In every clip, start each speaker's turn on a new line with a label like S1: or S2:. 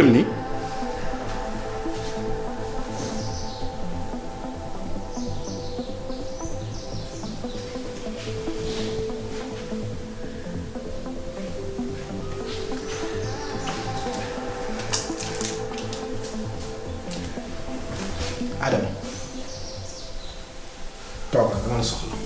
S1: jël nii
S2: Adama toogal dama la soxla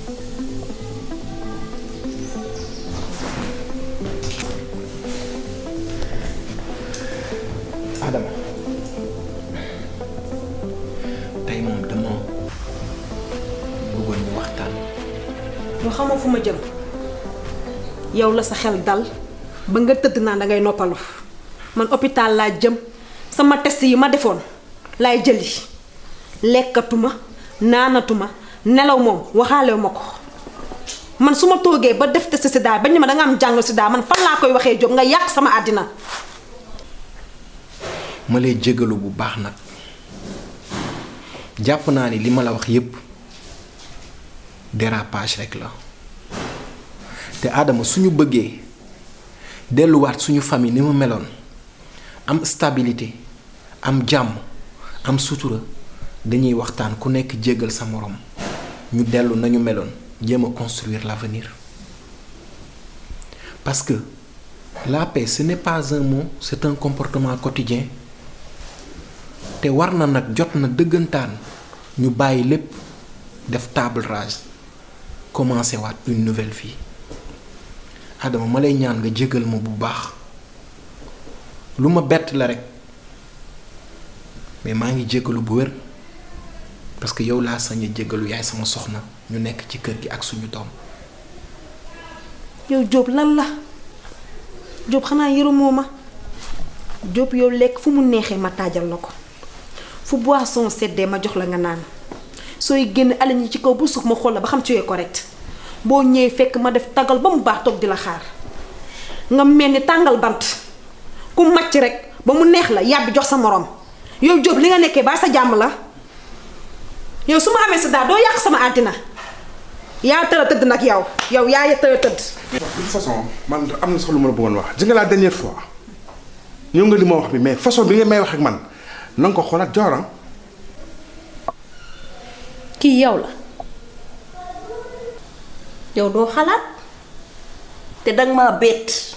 S3: xamoo fu ma jëm yow la sa xel dal ba nga tëdd naa da ngay noppalu man hôpital laa jëm sama test yi ma defoon laay jëli lekkatuma naanatuma nelaw moom ma man suma ma toogee ba def test sida bañ ma da nga am jàng sida man fan laa koy waxee jóg nga yàq sama adina.
S2: ma lay jégalu bu baax nag jàpp naa ni li ma la wax yépp dérapage rek la te nous suñu bëggee delluwaat suñu famille ni stabilité am am sutura dañuy construire l'avenir parce que la paix ce n'est pas un mot c'est un comportement quotidien te war na nag jot ñu table rase une nouvelle vie Adama ma lay ñaan nga jégal ma bu baax lu ma bett la rek mais maa ngi jégalu bu wér parce que yow laa sañ a yaay sama soxna ñu nekk ci kër gi ak suñu doom.
S3: yow jóob lan la Diop xanaa yërëmoo ma Diop yow lekk fu mu neexee ma taajal la ko fu boisson seddee ma jox la nga naan sooy génn alañ yi ci kaw bu suuf ma xool la ba xam ci yooyu correct bo ñëwee fekk ma def tagal bam baax tok di la xaar nga melni tangal bant ku macc rek ba mu neex la yab jox sa morom yow job li nga nekké ba sa jamm la yow suma amé sa da do yak sama adina, ya tëra teud nak yow yow yaa ya tëdd.
S1: de façon man amna solo sax lu la wax ji la dernière fois ñëw nga li wax bi mais façon bi nga may wax ak man nang ko xolat jor ah.
S3: ki yow la yow halat, xalat te dang ma bet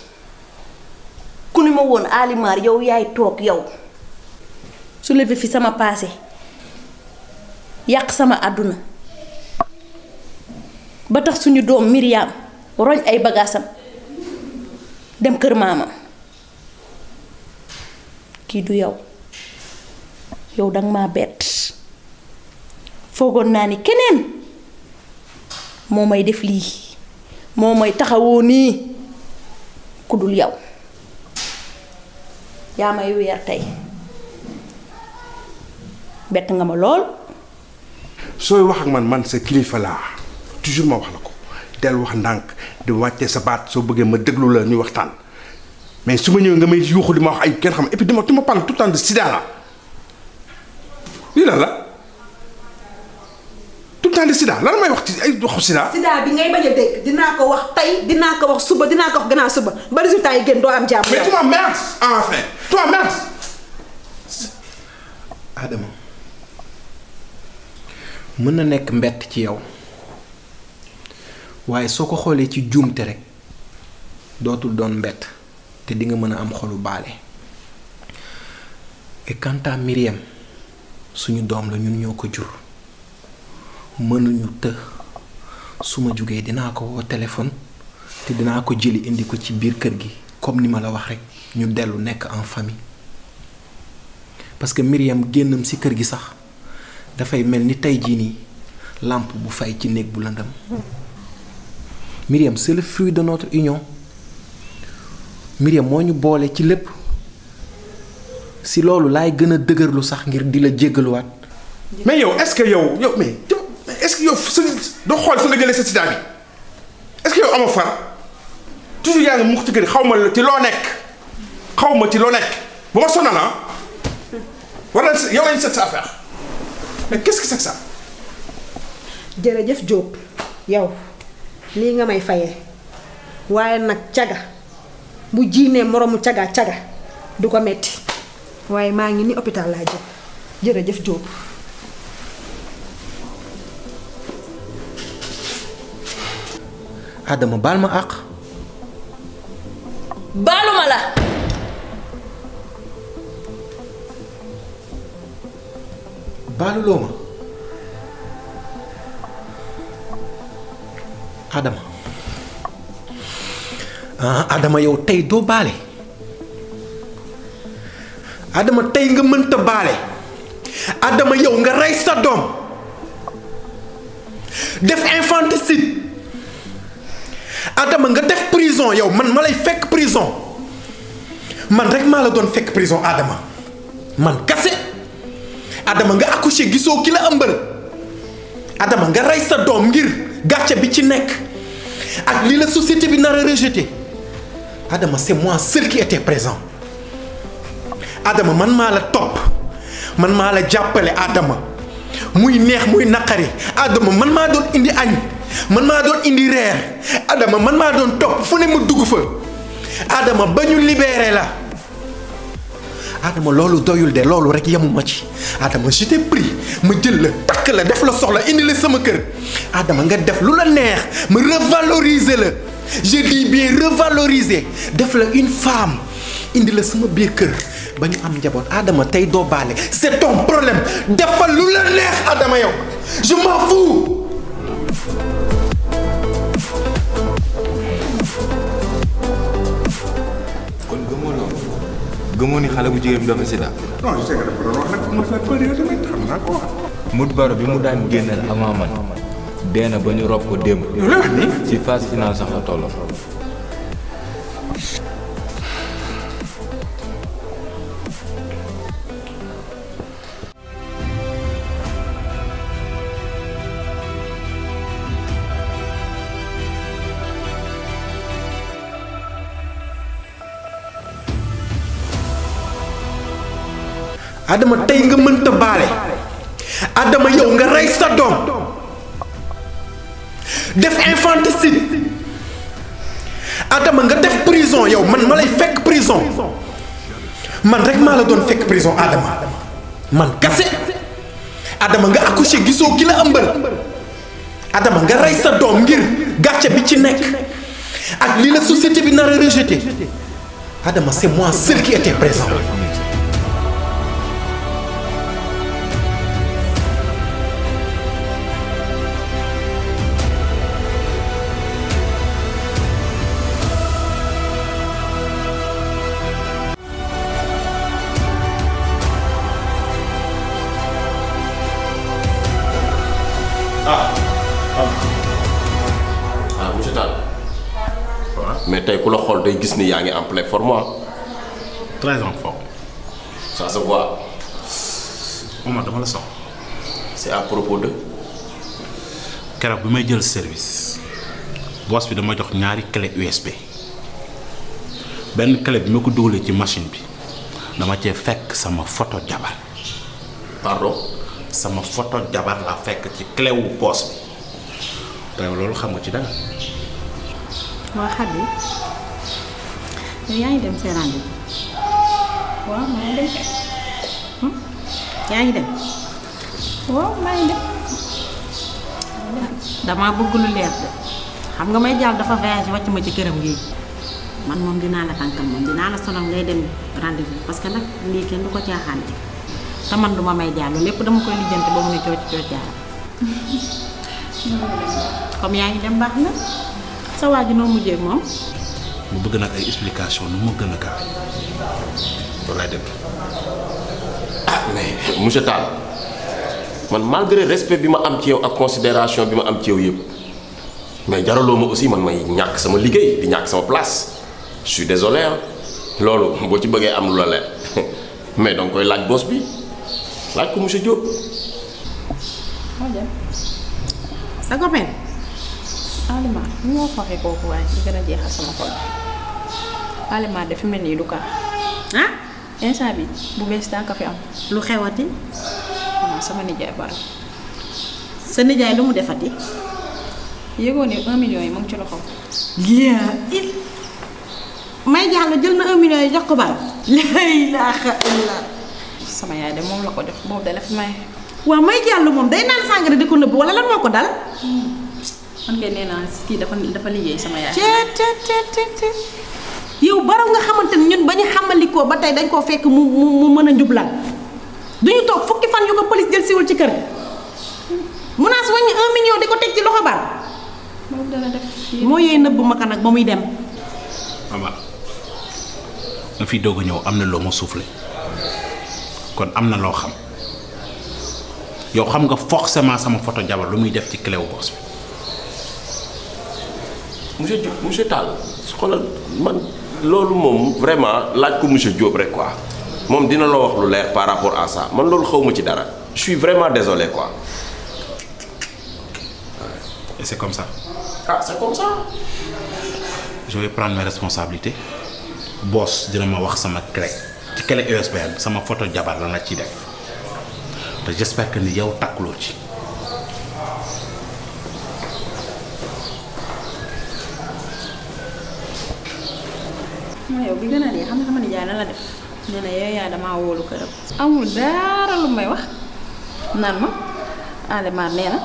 S3: ku ni ma woon alimar yow yaay tok yow soulevé fi sama passé yak sama aduna ba tax suñu dom miriam roñ ay bagasam dem keur mama ki du yow yow dang ma bet fogon nani kenen moo may def lii moo may taxawoo nii ku dul yow yaa may weer tey bett nga ma lool.
S1: sooy wax ak man man sa kilifa laa toujours ma wax la ko del wax ndànk di wàcce sa baat soo bëggee ma déglu la ñuy waxtaan mais su ma ñëwee nga may yuuxu di ma wax ay kenn xam et puis dama ma parle tout le temps de sida la lii la la. tali sida lan may wax ci ay waxu sida
S3: sida bi ngay baña dégg dina ko wax tay dina ko wax suba dina ko wax gëna suba ba résultat yi gën do am jamm mais tu merde
S1: enfin tu merde
S2: adam mën na nek mbett ci yow waye soko xolé ci juumte rek dotul don mbett te di nga mëna am xolu balé et quand ta miriam suñu dom la ñun ñoko jur mënuñu të su ma jugee dinaa ko wo téléphone té dina ko jëli indi ko ci biir kër gi comme ni ma la wax rek ñu déllu nek en famille parce que Miriam gennam si kër gi sax mel ni tay ji ni lampe bu fay ci nek bu landam Miriam c'est le fruit de notre union Miriam moo ñu ci lepp si loolu lay gëna a lu sax ngir di la wat mais yow est ce que yow yow mais est que yow sa doo xool fa nga jëlee sa sida bi est-ce
S1: yow amoo far toujours yaa ngi mu ci gën xaw ma ci loo nekk xaw ma ci loo nekk ba ma sonal ah war yow lañ set sa affaire mais qu'est-ce
S3: que c'est que ça. jërëjëf Diop yow lii nga may fayee waaye nag caga bu jiinee moroomu caga caga du ko metti waaye maa ngi ni hôpital laa jëm jërëjëf Diop.
S2: Adama baal ma àq. baaluma la. baaluloo ma. Adama ah Adama yow tey doo baale. Adama tey nga mënta baale. Adama yow nga rey sa doom. def infanticide. Adam nga def prison yow man ma lay fekk prison man rek maa la doon fekk prison Adama man kase Adama nga accouché gisoo ki la ëmbal Adama nga rey sa doom ngir gàcce bi ci nekk ak li la société bi nar a rejeté Adama c'est moi seul qui était présent Adama man maa la topp man maa la jàppale Adama muy neex muy naqari Adama man maa doon indi añ man maa doon indi reer Adama man maa doon topp fu ne ma dugg fa Adama ba ñu libéré la Adama loolu doyul de loolu rek ci Adama je t'ai pris ma jël la takk la def la soxla indi la sama kër Adama nga def lu neex ma revaloriser je dis bien revaloriser def la une femme indi la sama biir kër ba am Adama tey c'est ton problème defal la Adama je m'en fous gëmoo ni xale bu jigéen bi dafa sida. non je sais bi mu daan génneel avant man dee na ba ñu rob ko démb. ci phase finale sax la tolloo. Adama tey nga mënta baale Adama yow nga rey sa doom def infanticide Adama nga def prison yow man ma lay fekk prison man rek maa la doon fekk prison Adama man kase Adama nga accouché gisoo ki la ëmbal Adama nga rey sa doom ngir gàcce bi ci nekk ak lii la société bi nar a rejeté Adama c'est moi seul qui était présent
S4: day gis ni yaa ngi en plein forme très en forme. ça se voit. Omar dama la soxla. c'est à propos de. keroog bi may jël service. boos bi dama jox ñaari clé USB benn clé bi ma ko dugalee ci machine bi dama cee fekk sama photo jabar pardon sama photo jabar la fekk ci clé wu bi te loolu xam nga ci dara.
S3: waa xam yaa ngi dem seeraan bi waaw maa ngi dem kay yaa ngi dem waaw maa ngi dem dama bëgg lu leer de xam nga may jàll dafa voyage wàcc ma ci këram gi man moom dinaa la tànkal moom dinaa la sonal ngay dem rendez-vous parce que nag lii kenn du ko caaxaante te man
S4: mu bëgg nag ay explication nu mu gën a gaaw loolu laay dem. Ah, mais monsieur man malgré respect bi ma am ci yow ak considération bi ma am ci yow yëpp mais jaraloo ma aussi man may ñàkk sama liggéey di ñàkk sama place je suis désolé loolu boo ci bëggee am lu la leer mais danga koy laaj boss bi laaj ko monsieur
S3: sa copain. Alima ni moo ko waxee waaye di gën a jeexal sama xol Alima dafa mel nii du kaa ah instant bi bu bees daa ko fi am lu xew waaw sama nijaay bari sa yëgoo ne yi mu ci loxo yaa il jël na un million yi jox sama yaay de moom la ko jox boobu da la fi may waaw may jàll moom day naan sàngara di ko nëbb wala lan moo ko dal hmm. man kay nee naa kii dafa dafa liggéey sama yaay. yow baraw nga xamante ni ñun bañu xamalikoo ba tey dañ koo fekk mu mu mu mën a njublan duñu toog fukki fan yu ko police jël siwul ci kër gi munaas wàññi un million di ko teg ci loxo bar moo yee nëbb ma nag ba dem
S4: mama nga fi doog a ñëw am na soufflé kon amna na loo xam yow xam nga forcément sama photo jabar lu muy def ci clé boss monsieur Diop monsieur Tall xoolal man loolu moom vraiment laaj ko monsieur Diop rek quoi moom dina la wax lu leer par rapport à ça man loolu xaw ci dara je suis vraiment désolé quoi. et c'est comme ça. ah c'est comme ça. je vais prendre mes responsabilités boss dina ma wax sama clé ci clé USB sama photo jabar la na ci def te j'espère que ni yow takkuloo ci.
S3: yow bi gën xam sama nijaay la def nee na ya, yow ya, yaa damaa wóolu këram amul dara lu may wax naan ma Alimar nee na ya?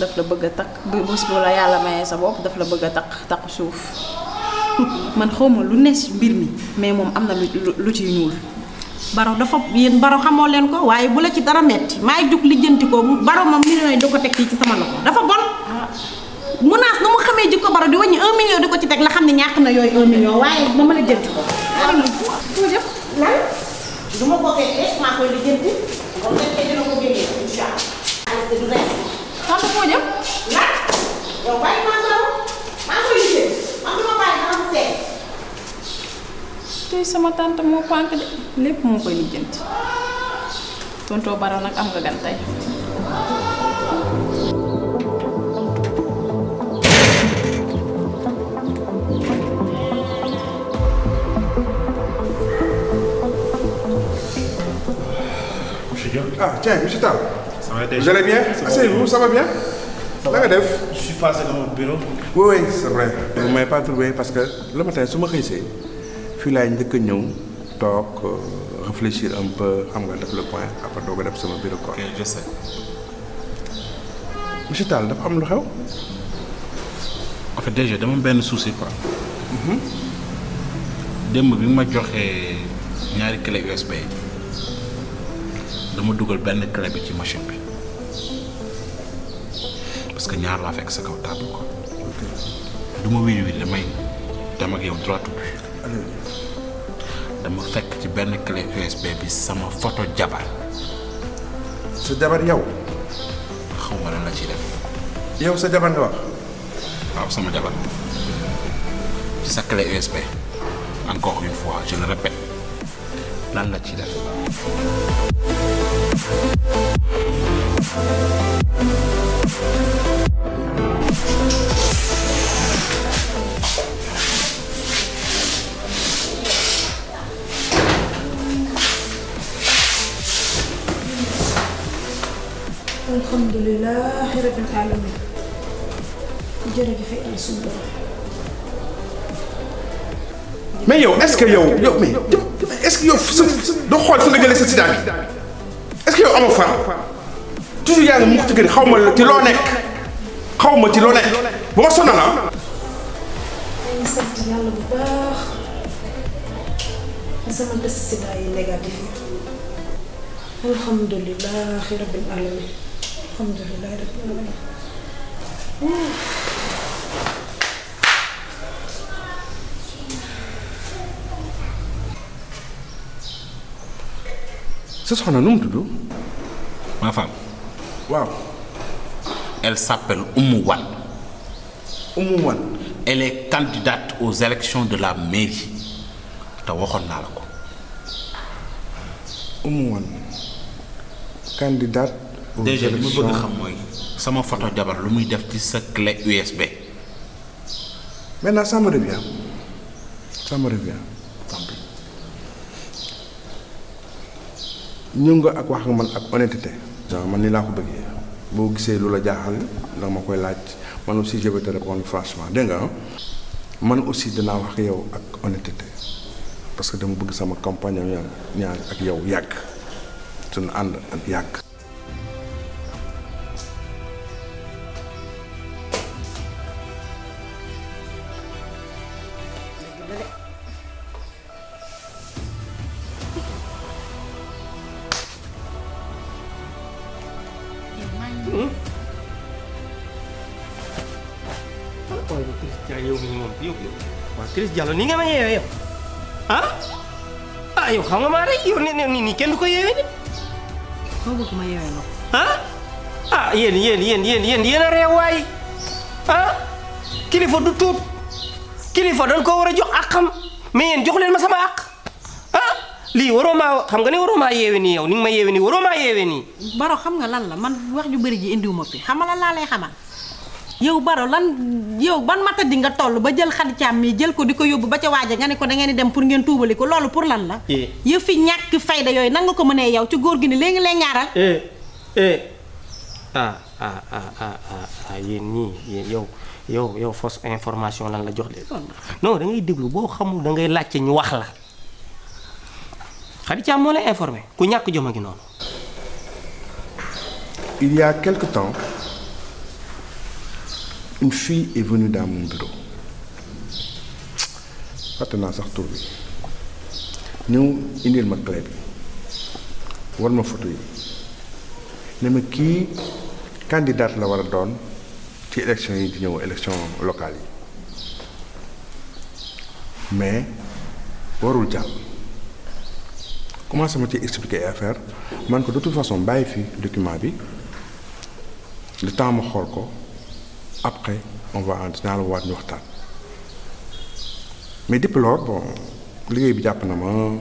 S3: daf la bëgg a takk bu bés bu la yàlla mayee sa bopp daf la bëgg a takk takku suuf man xawma lu ne mbir mi mais moom am na lu lu ci ñuul baro dafa baro xamoo leen ko waaye bu la ci dara metti maay jug lijjanti ko baro moom ko teg ci sama loxo dafa bon ah. munaas nu mu amee jikko bara di wàññi 1 million diko ci tek la xam ñak na yoy 1 million ko lan. ma ko fekkee maa koy lijjanti. dina ko génnee incha allah. te du rees. lan. yow bàyyi maa ko maa koy lijjanti man du ma dama ko sama tante moo pànk de lépp koy lijjanti. tontoo bara am nga gan
S1: Ah, tiens, M. Tal. Ça va bien vous ça va bien ça va. Je suis passé dans mon bureau. Oui, oui, c'est vrai. Vous ne m'avez pas trouvé parce que le matin, je me je suis là, réfléchir un peu je nga le point après bureau je sais. monsieur Tal, dafa am
S4: en fait déjà dama un souci quoi. Mhm. je dama dugal benn clé bi ci machine bi parce que ñaar laa fekk sa kaw table ko du ma wiri wiri damay dama ak yow droit tout dama fekk ci benn clé USB bi sama photo jabar
S1: sa jabar yow xawma ma lan la ci def yow sa jabar nga wax
S4: waaw sama jabar ci sa clé USB encore une fois je le répète lan la ci def
S3: الحمد لله رب العالمين jërëjëf yàlla suñu borom
S1: mais yow est-ce que yow yow mais est-ce que yow sa doo xool sa lëgale sa sida bi yow amoo far toujours yaa ngi mu ci gën xaw ma ci loo nekk xaw ma ci loo nekk bu ma sonal ah.
S3: di sant yàlla bu baax di sama décisions yi négatif yi alhamdulilah rabbil alamin alhamdulilah rabbil alamin
S1: C'est soxna nom de tudd. ma femme.
S4: elle s'appelle Oumou Oumouane. elle est candidate aux élections de la mairie te
S1: candidate aux déjà
S4: Ça m'a photo d'abord. fait ci clé USB.
S1: maintenant ça me revient ça me revient. ñëw nga ak wax ak man ak honnêteté. genre man ni laa ko bëggee boo gisee lu la jaaxal ndax ma koy laaj man aussi je vais te répondre franchement dégg nga ah? man aussi danaa wax yow ak honnêteté parce que dama bëgg sama campagne ñaar ak yow yàgg suñu ànd ak yàgg.
S5: Diallo nii nga ma yeewee yow ah ah yow xam nga maa rek yow nee na kenn du ko yeewee de. soo bëgg ma yeewee noonu. ah ah yéen yéen yéen yéen yéen yéen a réew waay ah kilifa du tuut kilifa dañ koo war a jox ak àqam mais yéen jox leen ma sama àq ah lii waroo maa xam nga ne waroo maa yeewee nii yow ni nga ma yeewee nii waroo maa yeewee nii.
S3: Baro xam nga lan la man wax ju bëri ji indiwu ma fi xam nga lan laa lay xamal. yow baro lan yow ban mata di nga toll ba jël xali càmm mi jël ko di yobbu ba ca waaja nga ne ko da ngay ni dem pour ngeen tuubali ko lolu pour lan la eh. yëf fi ñak fayda yoy nang ko yow ci gor gui ni leng leng ñaaral
S5: eh eh ah ah ah ah ah, ah yéen ñii yow yow yow fos information lan la jox de non da ngay deglu bo xamul da ngay lacc ñu wax la xali càmm mo lay informer ku ñak jom non il y a quelque
S1: temps une fille est venue dans mon bureau fàtte naa sax tur bi ñëw indil ma clé bi war ma photo yi ne ma candidat la war donne, ci élection yi di élection locale yi mais warul comment ça ma expliqué expliquer affaire man ko de toute façon bàyyi fi document bi le temps ma xool ko après on va dans la waat de waxtaan mais depuis lors bon n'ai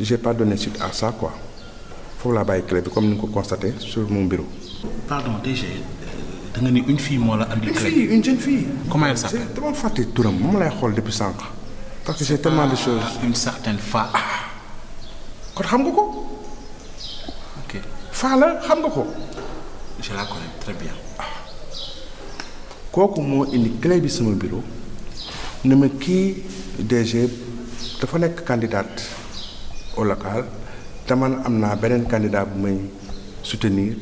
S1: j'ai pas donné suite à ça quoi Faut la bailler clé comme nous nga sur mon bureau. pardon déjà, tu as une fille moi la Une fille, une jeune fille. comment elle s'appelle C'est dama fàtte je moom lay xool depuis ans..! parce que j'ai tellement de choses une certaine Fa. Quand ah. xam nga ko. ok Fa la je la connais très bien kooku moo indi clé bi sama bureau ne ma kii DG dafa nekk candidate au local te man am naa beneen candidat bu may soutenir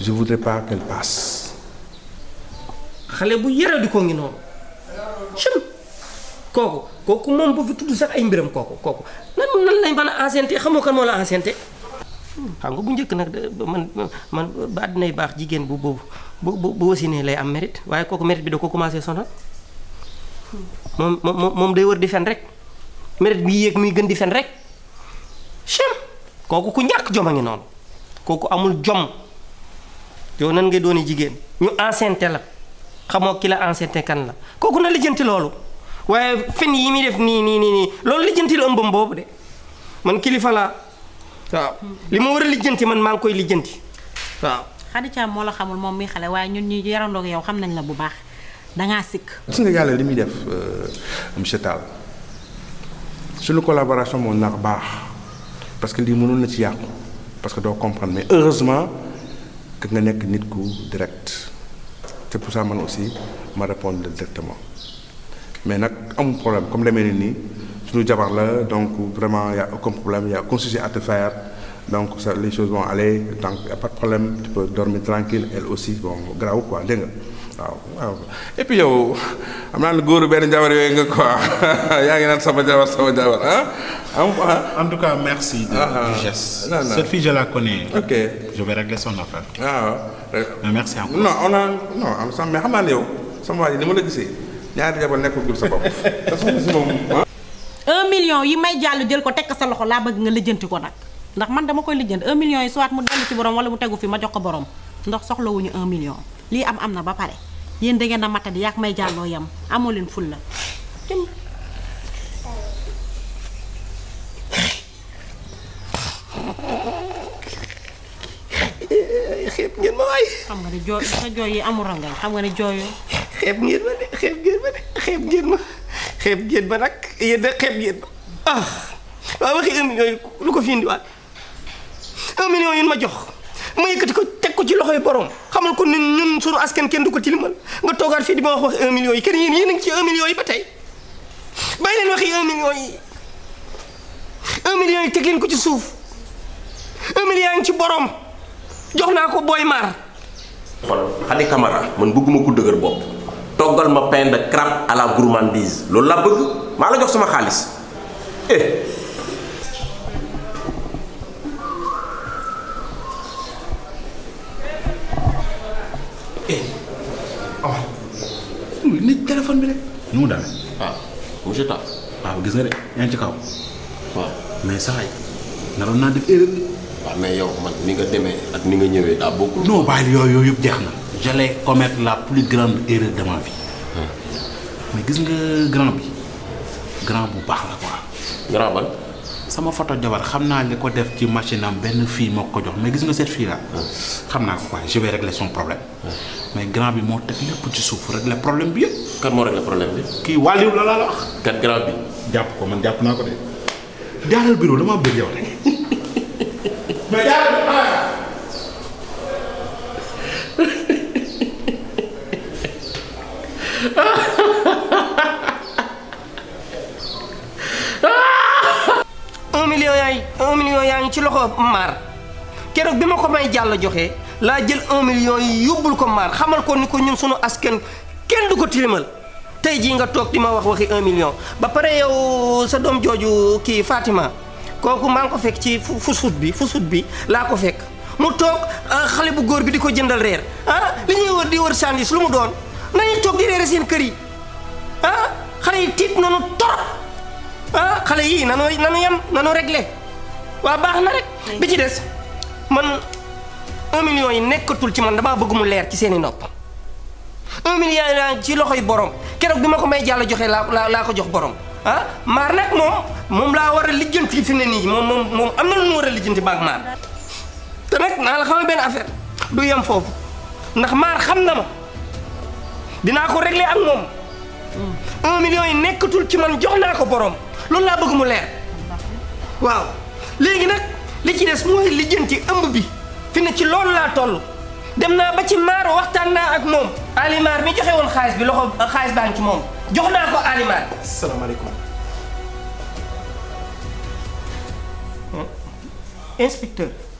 S1: je voudrais pas qu'elle
S5: passe. xale bu yara di ko ngi noonu. chum kooku kooku moom bu fi tudd sax ay mbiram kooku kooku nan nan lay mën a enceinte xamoo kan moo la enceinte. Hmm, xam nga bu njëkk nag man man ba àddinay baax jigéen bu boobu. bu bu bu wasinee lay am merit waaye kooku mérite bi da ko commencé sonal moom moom day wër di fen rek merit bi yéeg muy gën di fen rek chem kooku ku ñàkk jom a ngi noonu kooku amul jom yow nan ngay dooni jigéen ñu enceinte la xamoo ki la enceinte kan la kooku na lijjanti loolu waaye fen yi muy def nii nii nii loolu lijjanti la ëmbam boobu de man kilifa la waaw li ma war a lijjanti man maa ngi koy lijjanti waaw
S3: Khady Thiam la xamul mom mi xalé waaye ñun ñi yarandoog yow xam nañ la bu baax dangaa sikk
S5: gis
S1: nga yàlla li mi def euh, monsieur Tall suñu collaboration mo nax baax parce que li mënoon na ci yàqu parce que do comprendre mais heureusement que nga nek nit ku direct c'est pour ça man aussi ma répondre directement mais nak am problème comme demee ni suñu jabar la donc vraiment il y a aucun problème il y a aucun souci à te faire donc ça, les choses vont aller donc y a pas de problème tu peux dormir tranquille elle aussi bon grave quoi dingue et puis yo amna le ne ben benn jabar nga quoi yaa ngi naan sama jabar sama jabar ah. ah? en tout cas merci. de ah, ah. du geste. non non cette fille
S4: je la connais. ok je vais régler son affaire.
S1: ah mais euh, merci encore. non on a non am sax mais xam naa ne yow sama ni ma la gisee ñaari jabar nekkagul sa bopp
S5: te soxna si moom.
S3: un million yi may jàll djel ko tek sa loxo la bëgg nga lijjanti ko nak. ndax man dama koy lijjanti 1 million yi soit mu dellu ci borom wala mu tegu fi ma jox ko borom ndax soxlawuñu 1 million lii am am na ba pare yéen da ngeen a matadi yaa may jàlloo ful la
S5: xeeb ngeen ma waay.
S3: amul rangañ xam nga ne jooyoo. xeeb ngeen
S5: ma de xeeb ngeen ma de xeeb ngeen ma xeeb ngeen ma nag yéen de xeeb ngeen ma ah waaw waxi un million lu ko fi un million yu ma jox ma yëkkati ko teg ko ci loxoy borom xamal ko ñun ñun suñu askan kenn du ko tilimal nga toogaat fii di ma wax wax un million yi kenn yéen yéen ngi ci un million yi ba tey bàyyi leen waxi un million yi un million yi teg leen ko ci suuf un million yi ngi ci boroom jox naa ko boy mar
S4: kon Khady Camara man bëgguma ku dëgër bopp toggal ma pain de crabe à la gourmandise loolu laa bëgg maa la jox sama xaalis eh. déglu nit téléphone bi rek mu demee. waaw ah, monsieur Tall. waaw ah, gis nga de yaa ci kaw. waaw mais saa yi naroon naa def erreur. waaw mais yow man ni nga demee ak ni nga ñëwee daa bokkul. non yooyu yooyu yëpp jeex na. j'allais commettre la plus grande erreur de ma vie. Ah. mais gis nga grand bi grand bu baax la quoi. grand ban. Je photo jabar xamna liko def ci machine am jox mais gis nga cette fille là. je vais régler son problème. mais grand bi mo teg ci suuf régler problème bi Qui kan mo régler problème bi. ki waliw la la wax. kan grand bi. Je ko man japp nako de. bureau dama yow
S5: rek. may un million yaangi ci loxo mar kérok bima ko may jallo joxé la jël 1 million yi yóbbul ko mar xamal ko ni ko ñun suñu asken kenn du ko tilimal tey nga tok di wax waxi 1 million ba paré yow sa dom joju ki Fatima koku maa ko fekk ci fusut bi fusut bi la ko fekk mu tok ah, xale bu góor bi di jëndal rër ah li ñuy wër di wër sandis lu mu doon nañ tok di reere seen kër yi ah xale tit nañu nanu torop ah xale yi nanu nanu yam nanu régler waa baax na rek bi ci des man un million yi nekkatul ci man damaa bëgg mu leer ci seeni nopp un million yi borom keroog bi ko may jàll joxe laa laa ko jox borom ah maar nag moom moom laa war a lijjanti fi ne nii moom moom moom am na lu mu war a lijjanti baag maar te nag benn affaire du yem foofu ndax maar xam na dinaa ko régler ak moom mm. un million yi nekkatul ci man jox naa ko boroom loolu laa bëgg mu leer waaw léegi nag li ci des mooy lijjanti ëmb bi fi ne ci loolu laa toll dem naa ba ci maar waxtaan naa ak moom alimaar mi joxe woon xaalis bi loxo xaalis baa ngi ci moom jox naa ko alimaar salaamaaleykum inspecteur